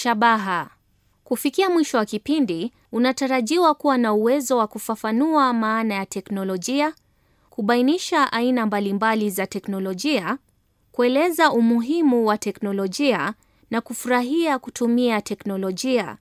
Shabaha. Kufikia mwisho wa kipindi, unatarajiwa kuwa na uwezo wa kufafanua maana ya teknolojia, kubainisha aina mbalimbali za teknolojia, kueleza umuhimu wa teknolojia na kufurahia kutumia teknolojia.